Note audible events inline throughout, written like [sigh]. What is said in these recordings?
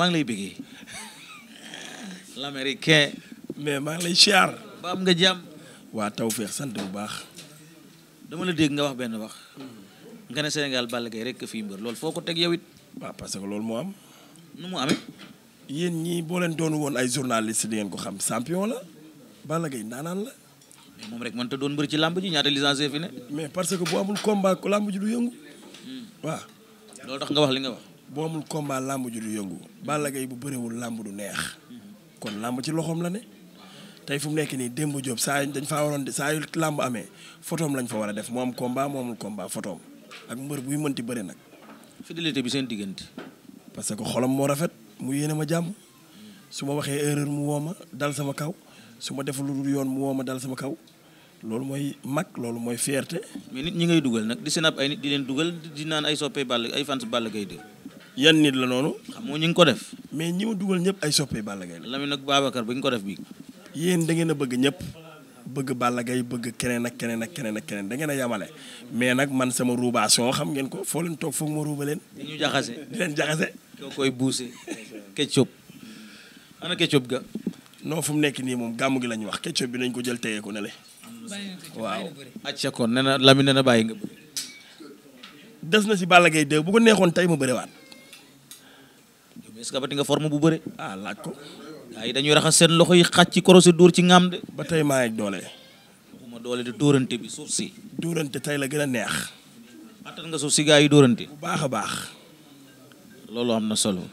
maa ngi lay bëggee l'américain mais maa ngi lay siyaar ba am nga jàmm waa taw feex sant bu baax dama la dégg nga wax benn wax nga ne Sénégal Balla Gaye rekk fii mbër lool foo ko teg yow it parce que loolu moo am nu mu amee yéen ñii boo leen doon woon ay journaliste di ngeen ko xam champion la Balla Gaye ndaanaan la moom rek mënta doon mbër ci làmb ji ñaata licencié fi ne mais parce que bu amul combat ko làmb ji du yëngu hmm. waaw loolu tax nga wax li nga wax boo amul combat làmb ju du yëngu Balla bu bëriwul làmb du neex kon làmb ci loxoom la ne tey fu mu nekk nii démb joob saa dañ fa waroon saa yu làmb amee fotoom lañ fa war a def mu am combat mu amul combat fotoom ak mbër buy mënti bëri nag. fidélité bi seen diggante. parce que xolam moo rafet mu yéene ma jàmm su ma waxee erreur mu woo ma dal sama kaw su ma deful lu dul yoon mu woo ma dal sama kaw loolu mooy mag loolu mooy fierté. mais nit ñi ngay dugal nag di seen ab ay nit di leen dugal di naan ay soppe Balla ay fans Balla Gaye yan nit la noonu. xam nga ñu ngi ko def. mais ñi ma dugal ñëpp ay soppe Balla Gaye la. Lamine ak Babacar ko def bii. yéen da ngeen a bëgg ñëpp bëgg Balla Gaye bëgg keneen ak keneen ak keneen ak keneen da ngeen a yamale mais nag man sama ruubation xam ngeen ko foo leen toog foog ma ruuba leen. ñu jaxase jaxase. doo koy buuse. ketchup ana ketchup ga. non fu mu nekk nii moom gàmmu gi la wax ketchup bi nañ ko jël téye ko ne le. waaw. acca na Lamine bàyyi nga bëri. des na si Balla gay 2 bu ko neexoon tey mu bëriwaat. bés gabati nga forme bu bëre ah laaj ko gaa dañuy raxas seen loxo yi xaj ci korosé dóor ci ngaam de ba tey maa doole ma doole di dóorante bi suuf si dóorante tey la gën a neex attan nga suuf si gaa yi dóorante bu baax a baax loolu am na solo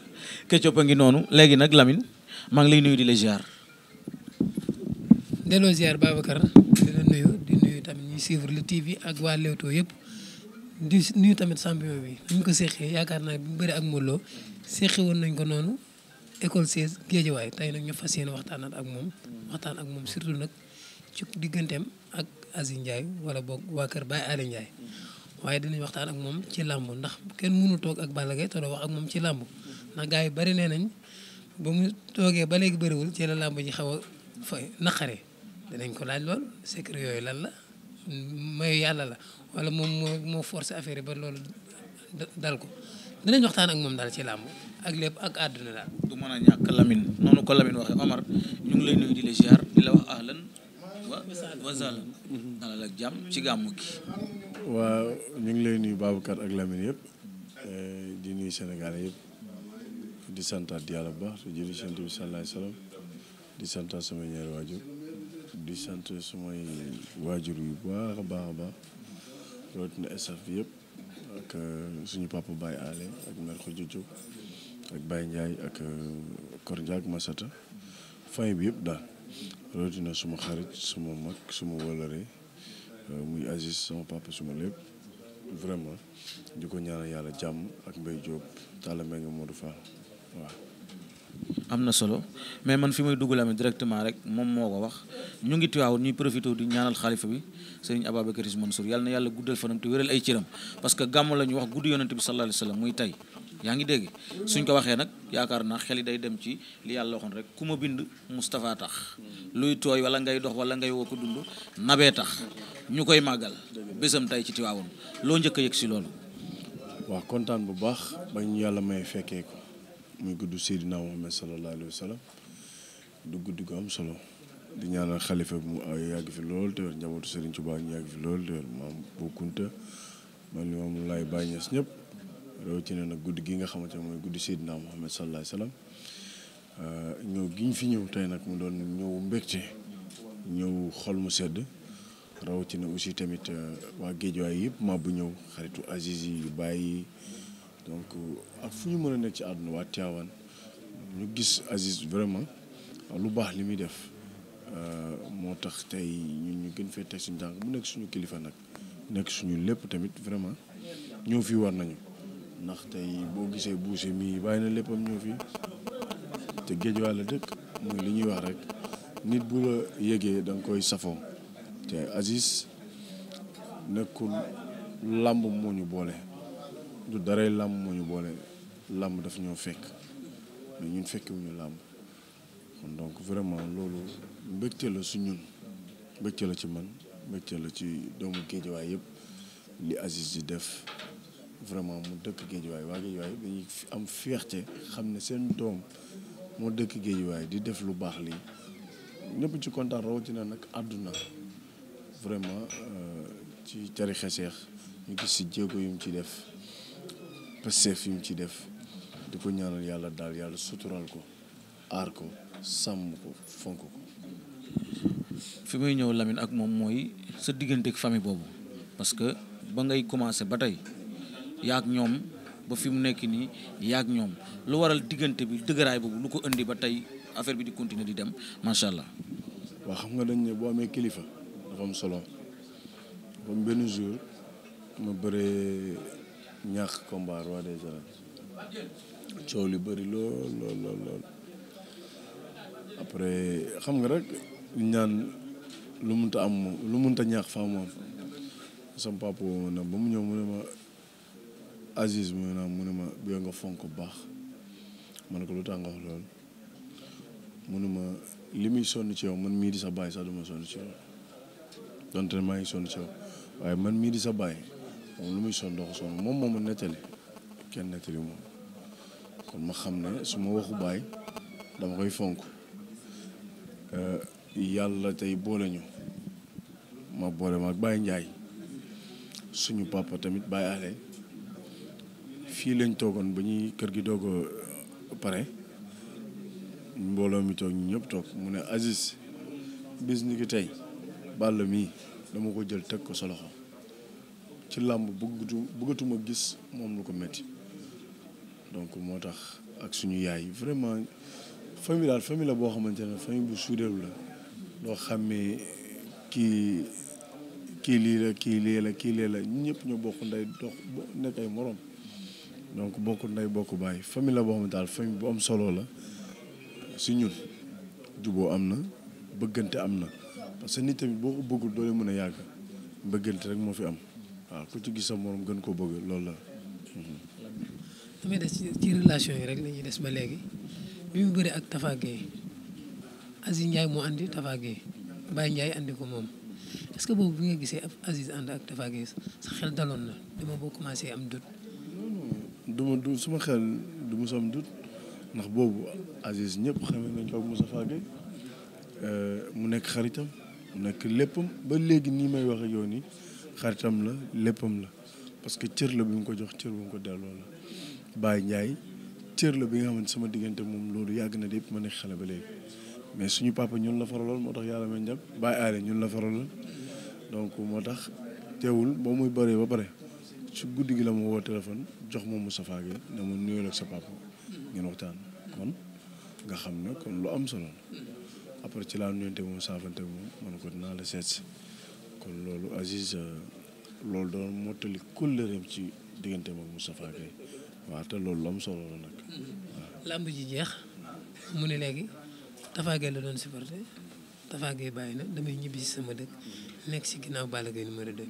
Ketchup a ngi noonu léegi nag lamin maa ngi lay nuyu di la ziar delloo ziar Babacar di nuyu di nuyu tamit ñuy suivre le TV ñu ko séqee yaakaar naa bi mu bëri ak Modou Lo seqi woon nañ ko noonu école 16 géejawaay tey nag ñu fas yéene waxtaanaat ak moom waxtaan ak moom surtout nag ci digganteem ak Aziz Ndiaye wala boog waa kër baay Aly Ndiaye waaye dinañ waxtaan ak moom ci làmb ndax kenn mënul toog ak Balla Gaye te doo wax ak moom ci làmb ndax gars yi bari nee nañ ba mu toogee ba léegi bëriwul ci la làmb ji xaw a fa naqare dinañ ko laaj lool secret yooyu lan la mayu yàlla la wala moom moo moo forcé affaire yi ba loolu dal ko danañ waxtaan ak moom daal ci làmb ak lépp ak àdduna daal. du mën a ñàkk lamin noonu ko Lamine waxee Omar ñu ngi lay nuyu di la ziar di la wax ahlan wa wa sahlan dalal ak jàmm ci gàmmu gi. waaw ñu ngi lay nuyu Babacar ak lamin yëpp eh, di nuyu Sénégal yëpp di santaat yàlla bu baax di jëli sant bi sallallahu alayhi wasallam di santaat sama ñaari waajur di sant sumay waajur yu baax a baax a baax rawatina staff yëpp. ak euh, suñu papa Baye Ale ak mère Khoudia Diop ak Baye Ndiaye ak euh, Kor Ndiaye ak Masata famille bi yëpp daal rawatina suma xarit suma mag suma wëlëre euh, muy Aziz sama papa suma lépp vraiment di ko ñaar yàlla jàmm ak Mbaye Diop Talla Mbengue Modou Fall waaw am na solo mais man fi muy dugg lami directement rek moom moo ko wax ñu ngi Tiwaawoon ñuy profité di ñaanal xalifa bi sëriñ Ababacar Sy Mansour yàlla na yàlla guddal fanam te wéral ay cëram parce que gàmm la ñu wax guddi yonent bi sallallahu muy tey yaa ngi dégg suñ ko waxee nag yaakaar naa xel yi day dem ci li yàlla waxoon rek ku ma bind Moustapha tax luy tooy wala ngay dox wala ngay woo ko dund nabee tax ñu koy màggal bésam tey ci Tiwaawoon loo njëkk a yëg si loolu waaw bu ba ñu yàlla fekkee ko muy guddu Seydina Muhammad sallallahu alayhi wa sallam du guddi gu am solo di ñaanal xalifa bi mu yàgg fi lool te wér njabootu Serigne Touba ñu yàgg fi lool te wér maam Bou Kounta man Limaamu Laay Baay Ñas ñëpp rawatina nag guddi gi nga xamante ne mooy guddi Seydina Muhammad sallallahu alayhi wa sallam euh, ñëw gi ñu fi ñëw tey nag mu doon ñëw mbégte ñëw xol mu sedd rawatina aussi tamit euh, waa géej waay yëpp maa bu ñëw xaritu Aziz yi yu bàyyi donc ak fu ñu mën a nekk ci àdduna waa Tivaouane ñu gis Aziz vraiment lu baax li muy def euh, moo tax tey ñun ñu gën fee teg suñu jàng mu nekk suñu kilifa nag nekk suñu lépp tamit vraiment ñëw fii war nañu ndax tey boo gisee buuse mii bàyyi na léppam ñoo fi te géej wàll dëkk muy li ñuy wax rek nit bu la yëgee da nga koy safoo te Aziz nekkul làmb moo ñu boole. du daray làmb moo ñu boole làmb daf ñoo fekk mais ñun fekkiwuñu làmb kon donc vraiment loolu mbégte la su ñun mbégte la ci man mbégte la ci doomu géejawaay yëpp li Aziz di def vraiment mu dëkk géejawaay waa géejawaay dañuy am fierté xam ne seen doom moo dëkk géejawaay di def lu baax li ñëpp ci kontaan rawatina nag àdduna vraiment euh, ci cari xeseex ñu gis si jéego yu ci def Pastef yi mu ci def di ko ñaanal yàlla daal yàlla suturaal ko aar ko sàmm ko fonk ko. fi may ñëw Lamine ak moom mooy sa diggante ak famille boobu parce que ba ngay commencé ba tey yaa ñoom ba fi mu nekk nii yaa ñoom lu waral diggante bi dëgëraay boobu lu ko indi ba tey affaire bi di continuer di dem macha allah. waa xam nga dañ boo amee kilifa dafa am solo comme benn jour ma bëree. ñàkk combat roi de arènes coow li bëri lool lool lool lool xam nga rek ñaan lu munta am moom lu munta ñàkk faa moom sama papa woo na ba mu ñëw mu ne ma Aziz mu ne ma mu ne ma biyoo nga fonk baax ma ne ko lu tax nga wax loolu mu ne ma li muy sonn man mii di sa baay sax duma sonn ci yow donte maa ngi sonn waaye man mii di sa baay moom lu muy sonn doo ko moom moom moo ma nettali kenn nettali moom kon ma xam ne su ma waxu baay dama koy fonk euh, yàlla tey boole ñu ma boole ma ak Baye Ndiaye suñu papa tamit Baye Ale fii lañ toogoon ba ñuy kër gi doog euh, pare mbooloo mi toog ñu ñëpp toog mu ne Aziz bis ki tey bàll mii dama ko jël teg ko solo loxo ci làmb bëggatu bëggatuma gis moom lu ko métti donc moo tax ak suñu yaay vraiment famille daal famille boo xamante ne famille bu suudeelu la doo xàmmee kii kii lii la kii lii la kii lee la ñëpp ñu bokk ndey dox nekk ay morom donc bokk ndey bokk bàyyi famille la boo xamante daal famille bu am solo la si ñun juboo am na bëggante am na parce que nit tamit boo ko bëggul doo mën a yàgg bëggante rek moo fi am waaw ku ci gis sa morom gën koo bëgg loolu la. damay des ci relation yi rek lañuy des ba léegi bi mu bëri ak Tafa Gueye Aziz Ndiaye moo andi Tafa Gueye Baye Ndiaye andi ko moom est que boobu bi nga gisee Aziz ànd ak Tafa Gueye sa xel daloon na dama boo commencé am dut. non non du ma suma xel du mos am dut ndax boobu Aziz ñëpp xamee nañ ko ak Moussa Faye mu nekk xaritam mu nekk léppam ba léegi nii may wax yoon yi xaritam la léppam la parce que cër la bi mu ko jox cër bu mu ko delloo la Baye Ndiaye cër la bi nga xamante sama diggante moom loolu yàgg na de ma nekk xale ba léegi mais suñu papa ñun la faraloon moo tax yàlla may njab Baye Aale ñun la faraloon donc moo tax teewul boo muy bëree ba pare su guddi gi la ma woo téléphone jox ma Moustapha Gueye ne ma nuyoo ak sa papa ngeen kon nga xam ne kon lu am solo la après ci laa nuyonte moom saafante moom man kon loolu Aziz euh, loolu doon mottali kóllëreem ci diggante moom mu Gueye waaw te loolu lu am solo la nag. Mm-hmm. làmb ji jeex mu ne léegi Tapha la doon supporté Tapha Gueye bàyyi na damay ñibbi si sama dëkk nekk si ginnaaw Balla Gaye numéro 2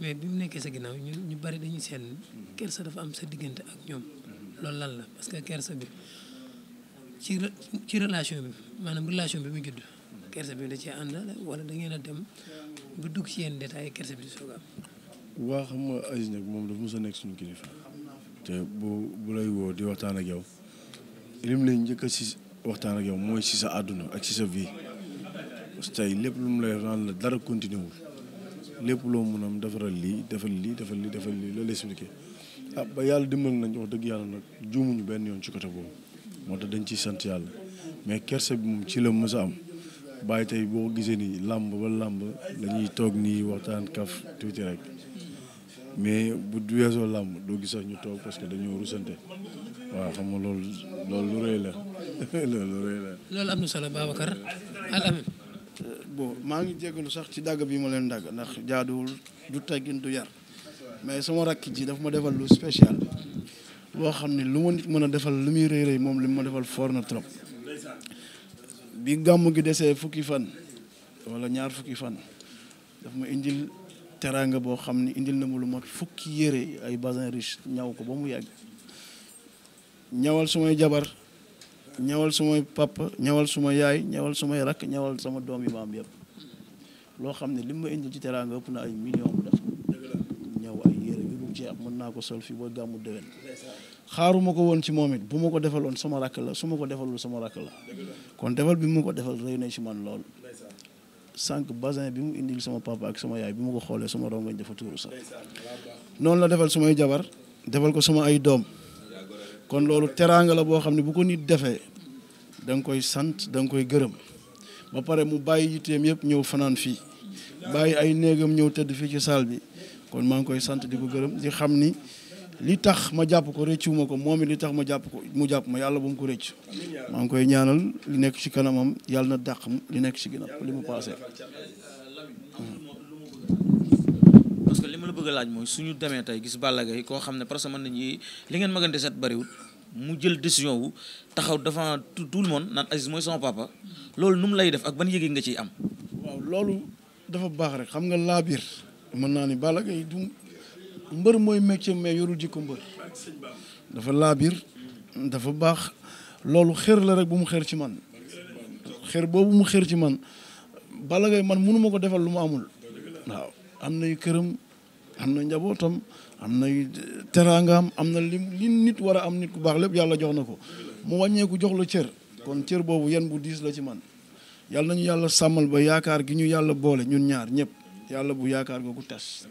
mais bi mu nekkee sa ginnaaw ñu ñu bari dañuy seet kersa dafa am sa diggante ak ñoom mm-hmm. loolu lan la parce que kersa bi ci ci relation bi maanaam relation bi mu judd. kersa bi da cee àndale wala da ngeen a dem ba dugg ci yenn détails kersa bi di soog waa xam nga Aziz moom dafa mos a nekk suñu kilifa te bu bu lay woo di waxtaan ak yow lim lay njëkk a si waxtaan ak yow mooy si sa àdduna ak si sa vie parce que tey lépp lu mu lay wax naan la dara continué wul lépp loo mun am defaral lii defal lii defal lii defal lii la l'expliqué ah ba yàlla dimbal nañ wax dëgg yàlla nag juumuñu benn yoon ci côté boobu moo tax dañ ci sant yàlla mais kerse bi moom ci la mës am. bàyyi tey boo gisee nii làmb ba làmb dañuy toog nii waxtaan kaf tuuti rek mais bu weesoo làmb doo gis sax ñu toog parce que dañoo rusante waaw xam nga loolu loolu lu rëy la [laughs] loolu lu la. loolu am na solo Babacar Al Amine. Euh, bon maa ngi jégalu sax ci dàgg bi ma leen dàgg ndax jaaduwul du teggin du yar mais sama rakk ji daf ma defal lu spécial loo xam ne lu ma nit mën a defal lu muy rëy rëy moom li ma defal foor na trop. bi gàmm gi desee fukki fan wala ñaar fukki fan daf ma indil teraanga boo xam ne indil na ma lu mat fukki yére ay bazin riche ñaw ko ba mu yàgg ñawal sumay jabar ñawal sumay papa ñawal suma yaay ñawal sumay rakk ñawal sama doom yi ma am yëpp loo xam ne li ma indil ci teraanga ëpp na ay million bu def ñaw ay yére yu dul am mën naa ko sol fii ba gàmmu déwén xaaruma ko woon ci moom it bu ma ko defaloon sama rakk la su ma ko defalul sama rakk la kon defal bi mu ko defal rëy na ci man lool sànq basin bi mu indi sama papa ak sama yaay bi ma ko xoolee sama rongoñ dafa tuuru sax noonu la defal sumay jabar defal ko sama ay doom kon loolu teraanga la boo xam ne bu ko nit defee danga koy sant danga koy gërëm ba pare mu bàyyi yitteem yëpp ñëw fanaan fii bàyyi ay néegam ñëw tëdd fii ci saal bi kon maa ngi koy sant di ko gërëm di xam ni li tax ma jàpp ko rëccu ma ko moom it li tax ma jàpp ko mu jàpp ma yàlla bu mu ko rëcc maa ngi koy ñaanal li nekk ci kanamam yàlla na dàq li nekk ci ginnaaw li mu passé. parce que li ma la bëgg laaj mooy suñu demee tey gis Balla Gaye koo xam ne parce que mën nañu li ngeen magante set bariwul mu jël décision wu taxaw dafa tout le monde naan Aziz mooy sama papa loolu nu mu lay def ak ban yëge nga ciy am. loolu dafa baax rek xam nga laa biir naa ni Balla mbër mooy métier mais yorul jikko mbër dafa laabir dafa baax loolu xër la rek bu mu xër ci man xër boobu mu xër ci man Balla Gaye man mënuma ko defal lu mu amul waaw am nay këram am na njabootam am nay eh, teraangaam am na li li nit war a am nit ku baax lépp yàlla jox na ko mu wàññeeku jox la cër kon cër boobu yan bu diis la ci man yàlla nañu yàlla sàmmal ba yaakaar gi ñu yàlla boole ñun ñaar ñëpp yàlla bu yaakaar googu tes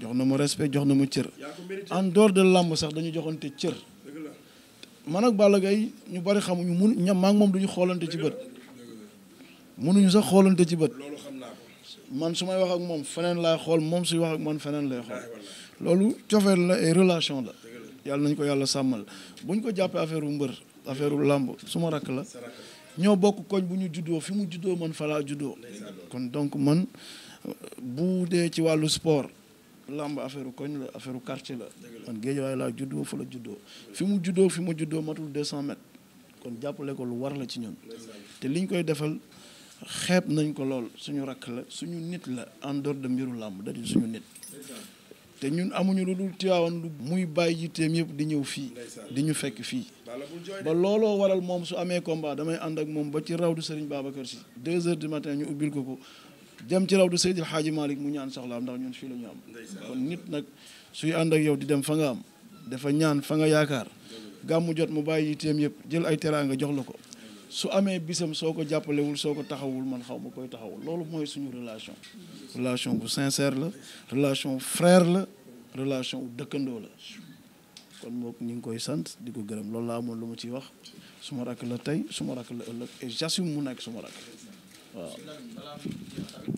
jox na ma respect jox na ma cër en door de làmb sax dañu joxante cër man ak Balla gay ñu bari xamuñu mun ñam moom ngi moom duñu xoolante ci bët mënuñu sax xoolante ci bët man su may wax ak moom feneen laay xool moom suy wax ak man feneen lay xool loolu cofeel la et relation la yàlla nañ ko yàlla sàmmal buñ ko jàppee affaire u mbër affaire u làmb su ma rakk la ñoo bokk koñ bu ñu juddoo fi mu juddoo man falaa juddoo kon donc man bu dee ci wàllu sport làmb affaire koñ la affaire quartier la man géejawaay laa juddoo fa la juddoo fi mu juddoo fi ma juddoo matul deux cent mètres kon jàppale ko lu war la ci ñun te liñ koy defal xeeb nañ ko lool suñu rakk la suñu nit la en dehors de mbiru làmb da di suñu nit te ñun amuñu lu dul Tiwaawan muy bàyyi yitteem yëpp di ñëw fii di ñu fekk fii ba looloo waral moom su amee combat damay ànd ak moom ba ci raw du Serigne Babacar si deux heures du matin ñu ubbil ko ko dem ci du Seydil Xaaji Malick mu ñaan soxlaam ndax ñun fii la ñu am kon nit nag suy ànd ak yow di dem fa nga am dafa ñaan fa nga yaakaar gàmmu jot mu bàyyi yitteem yëpp jël ay teraanga jox la ko su amee bisam soo ko jàppalewul soo ko taxawul man xaw ma koy taxawul loolu mooy suñu relation relation bu sincère la relation frère la relation dëkkandoo la kon moom ñu ngi koy sant di ko gërëm loolu laa amoon lu ma ciy wax suma rakk la tey suma rakk la ëllëg et j'assume mu nekk suma rakk waaw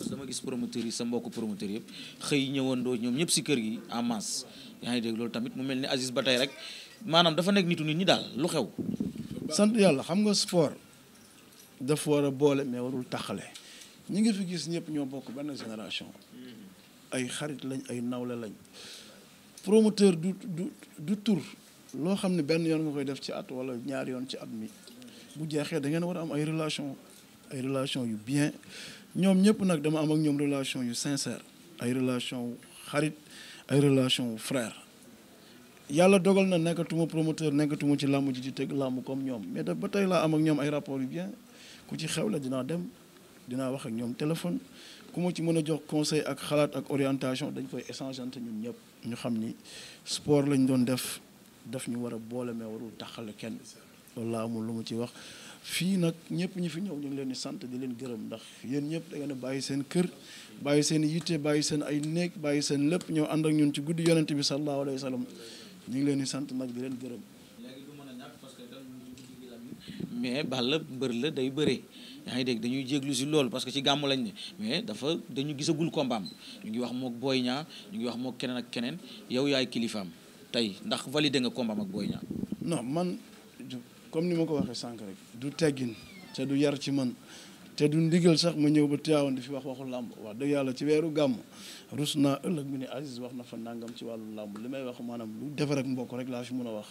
sama gis promoteurs yi sa mbokk promoteur yëpp xëy ñëwandoo ñoom ñëpp si kër gi en masse yaa ngi dégg loolu tamit mu mel ni Aziz ba tey rek maanaam dafa nekk nitu nit ñi daal lu xew. sant yàlla xam nga sport daf war a boole mais warul taxale ñi ngi fi gis ñëpp ñoo bokk benn génération ay xarit lañ ay nawle lañ promoteur du du du tur loo xam ne benn yoon nga koy def ci at wala ñaari yoon ci at mi bu jeexee da war a am ay relation ay relation yu bien ñoom ñëpp nag dama am ak ñoom relation yu sincère ay relation xarit ay relation frère yàlla dogal na nekkatuma promoteur nekkatuma ci làmb ji di teg làmb comme ñoom mais da ba tey laa am ak ñoom ay rapport yu bien ku ci xew la dinaa dem dinaa wax ak ñoom téléphone ku ma ci mën a jox conseil ak xalaat ak orientation dañ koy échanger ñun ñëpp ñu xam ni sport lañ doon def daf ñu war a boole mais warul taxale kenn loolu laa amul lu mu ci wax fii nag ñëpp ñu fi ñëw ñu ngi leen di sant di leen gërëm ndax yéen ñëpp da a bàyyi seen kër bàyyi seen yitte bàyyi seen ay néeg bàyyi seen lépp ñëw ànd ak ñun ci guddi yonent bi sallallahu alayhi wa sallam ñu ngi leen di sant nag di leen gërëm. mais Balla mbër la day bëree yaa ngi dégg dañuy jéglu si loolu parce que ci gàmmu lañ ne mais dafa dañu gisagul kombaam ñu ngi wax mook booy ñaa ñu ngi wax moo keneen ak keneen yow yaay kilifaam tey ndax validé nga kombaam ak Boy Niang non man. comme ni ma ko waxee sànq rek du teggin te du yar ci man te du ndigal sax ma ñëw ba Tiwaawan di fi wax waxu làmb wax dëgg yàlla ci weeru gàmm rus naa ëllëg mu ne Aziz wax na fa nangam ci wàllu làmb li may wax maanaam lu defar ak mbokk rek laa fi mën a wax